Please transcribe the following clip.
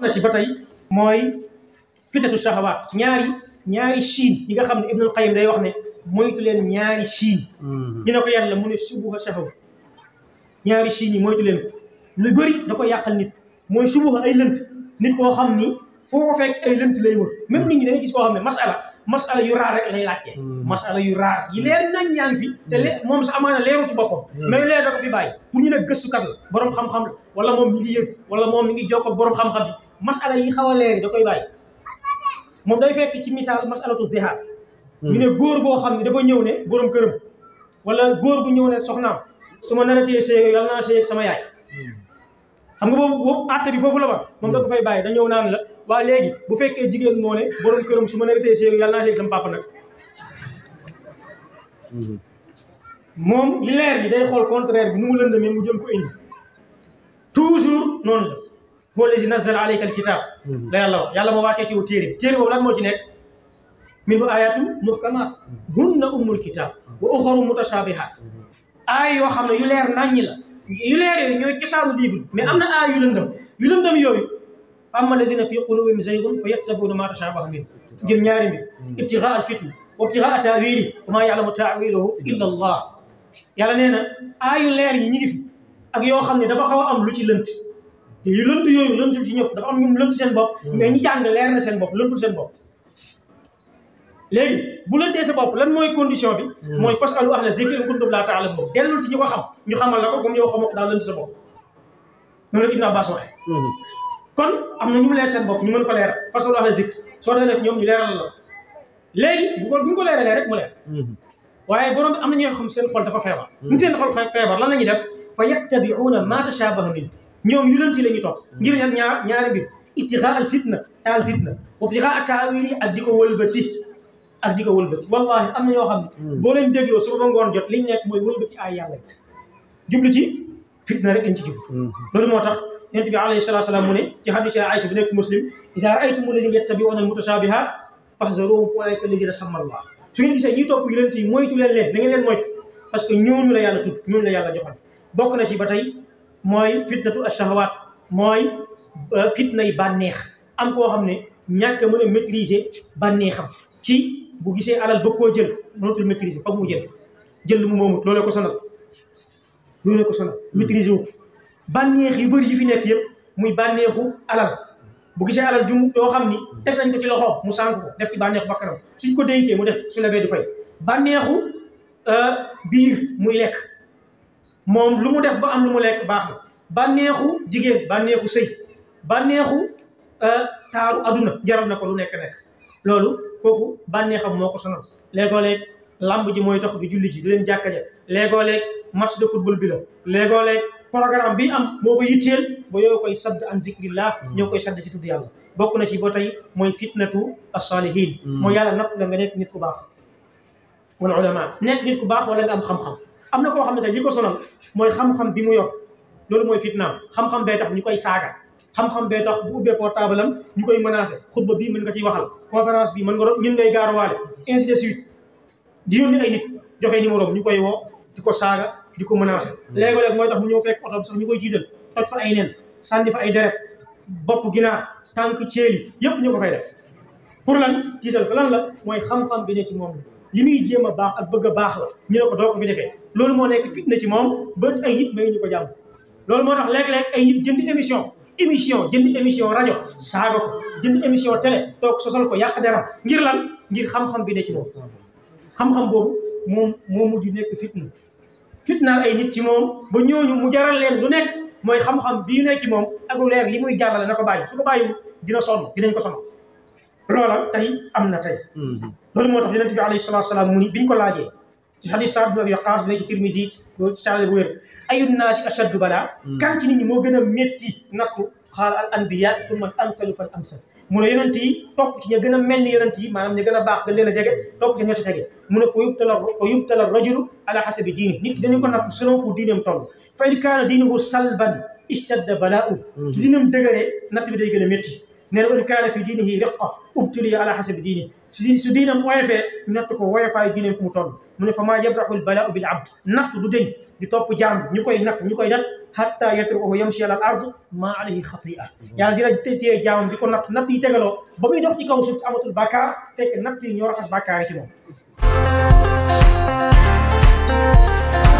na ci ba tey mooy fitatu shahawaat ñaari ñaari chiin yi nga xam ne Ibnul Qayyim day wax ne moytu leen ñaari chiin mm-hmm. ñu ne ko yàlla mu ne subuha shahawa ñaari chiin mooy moytu leen lu ko yàqal nit mooy subuha ay lënt nit koo xam ni foo fekk ay lënt lay wër même nit ñi da nga gis xam ne masala masala yu raar rek lay laajte mm-hmm. masala yu raar yi leer nañ ñaan fi te mm-hmm. moom sa amaana leeru ci boppam mais leer da ko fi bàyyi pour ñu ne gëstukat la borom xam-xam la wala moom mi ngi yëg wala moom mi ngi jokkoo borom xam-xam masala yi xaw a leer da koy bàyyi moom day fekk ci misaal masalatu zihaat hmm. ñu ne góor boo xam ne dafa ñëw ne borom këram wala góor gu ñëw ne soxnaam su ma naratee sëy yàlla naa sëy sama yaay hmm. xam nga boobu boobu àtte bi foofu la ba moom bàyyi da ñëw naan la waa léegi bu fekkee jigéen moo ne borom këram su ma naratee sëy yàlla naa sëy ak sama papa nag hmm. moom li leer bi day xool contraire bi nu mu lëndamee mu jëm ko indi toujours noonu la huwa allazi nazzala alayka alkitab hmm. la yàlla wax yàlla moo wàccee ci yow téere téere boobu lan moo ci nekk minhu ayatu muhkamat hmm. hunna ummul kitab wa uxaru mutashabihat hmm. aay yoo xam ne yu leer naññi la yu leer yooyu ñooy cosaanu livre mais am na aay yu lëndëm yu lëndëm yooyu amma lazina fi qulubihim zaygun fa yattabi'una ma tashabaha min ngir ñaari mbir ibtigaa al fitna wa ibtigaa taawili wa ma ya'lamu taawilahu illa allah yàlla nee na aayu leer yi ñu ngi fi ak yoo xam ne dafa xaw a am lu ci lënt te yu lënt yooyu lëntul ci ñëpp dafa am ñum lënt seen bopp hmm. mais ñi jàng leer na seen bopp lëntul seen bopp léegi bu lëntee sa bopp lan mooy condition bi hmm. mooy fasalu ahla zikri in kuntum laa ta'lamuun dellul ci ñu ko xam ñu xamal la ko comme yow xamoo ko daa lënt sa bopp noonu la Ibn Abbas waxee hmm. kon am na ñu mu leer seen bopp ñu mën ko leeral fasalu ahla zikri soo demee nag ñoom ñu leeral la léegi bu ko bu ñu ko leeralee rek mu leer waaye borom am na ñoo xam seen xol dafa feebar ñu seen xol feebar lan la ñuy def fa yattabi'uuna maa tashabaha minhu ñoom yonent yi la ñuy topp ngir nag ñaari bi ibtigaa al fitna taal fitna ibtigaa at taawili ak di ko di ko wëlbati wallahi am na ñoo xam ne hmm. boo leen dégloo suba ba liñ nekk mooy wëlbati ay yàlla jublu ci fitna rek lañ ci hmm. loolu moo tax yonent bi alayhi salatu salaam mu ne ci hadis Aïcha bi nekk muslim iza ra'aytumul lazina yattabi'una al-mutashabihat fahzaruhum ulaika allazina samma Allah su ngeen gisee ñuy topp yonent yi moytu leen leen na ngeen ñooñu la yàlla tudd mooy fitnatu achahawaat mooy euh, fitna yi bànneex am koo xam ne ñàkk a mën a maîtriser bànneexam ci bu gisee alal bëgg koo jël mënatul maîtriser fa mu jël jël mu moomut loolu ko sonal loolu ko sonal maîtriser wu bànneex yu bëri fi nekk yëpp muy bànneexu alal bu gisee alal jum xam ni te nañ ko ci loxoom mu sànq ko def ci bànneexu bakkanam suñ ko dénkee mu def su lebee du fay bànneexu euh, biir muy lekk moom lu mu def ba am lu mu lekk baax na bànneexu jigéen bànneexu sëy bànneexu euh, taaru aduna jaral na ko lu nekk-nekk loolu kooku bànneexam moo ko sonal léegoo-leeg lamb ji mooy tax bi julli ji di leen jàkka ja léegoo-leeg match de football bi la léegoo-leeg programme bi am moo ko yitteel ba yow koy sadd an zikrillah hmm. ñoo koy sadd ci tudd yàlla bokk na ci ba tey mooy fitnatu as-salihin hmm. mooy yàlla natt la nga nekk nit ku baax wala ulama nekk nit ku baax wala nga am xam-xam am na koo xam ne tey li ko sonal mooy xam-xam bi mu yor loolu mooy fitnaam xam-xam bee tax ñu koy saaga xam-xam bee tax bu ubbee portable am ñu koy menacé xutba bi mën nga ciy waxal conférence bi mën nga ñun ngay gaaruwaale ainsi de suite di yónni ay nit joxe ñu koy woo di ko saaga di ko menacé hmm. léeg-léeg mooy tax mu ñëw fekk oto bi sax ñu koy jiital toj fa ay nen sànni fa ay deret bopp ginaar tànk ceeli yëpp ñu ko fay de pour lan tiital ko lan la mooy xam-xam bi ne ci moom li muy jéem a baax ak bëgg a baax la ñu ne ko doo ko fi defee loolu moo nekk fitna ci moom ba ay nit may ñu ko jàmm loolu moo tax léeg-léeg ay nit jënd émission émission jënd émission rajo saaga ko jënd émission toog sosal ko yàq deram ngir lan ngir xam-xam bi ne ci moom xam-xam boobu moom moo mujj nekk fitna fitnaal ay nit ci moom ba ñooñu mu jaral leen lu nekk mooy xam-xam bii ne ci moom ak leer li muy jàllale na ko bàyyi su ko bàyyi dina sonn dinañ ko sonn loola tey am na tey mm-hmm. loolu moo tax yonente bi alayhi salatu salaam mu ni biñ ko laajee ci xadis Saad bin Abi Waqaas bi ci Tirmisi ci taale bu wér ayu naasi ashaddu bala mm-hmm. kan ci nit ñi moo gën a métti nattu xaal al anbiya summa al amsalu fal amsal mu ne yonent yi topp ci ña gën a mel ni yonent yi maanaam ña gën a baax gën leen a jege topp ci ña ci tege mu ne fa yubtala fa yubtala rajulu ala xasabi diini nit ki dañu ko natt selon fu diineem toll fa in kaana diinuhu salban istadda balaa u mm-hmm. su diineem dëgëree natt bi day gën a métti nee na in kaana fi diinihi riqqa ubtuli ala xasabi diini su diinam woyofee natt ko woyofaayu diineem fu mu toll mu ne fa maa yabraxul balaau bil abd natt du dëñ di topp jaam ñu koy natt ñu koy natt hatta yatrukahu yamshi ala al ard maa alayhi xatia yàlla dina téye jaamam di ko natt natt yi tegaloo ba muy dox ci kaw suuf amatul bàkkaar fekk natt yi ñoo raxas bàkkaar ci moom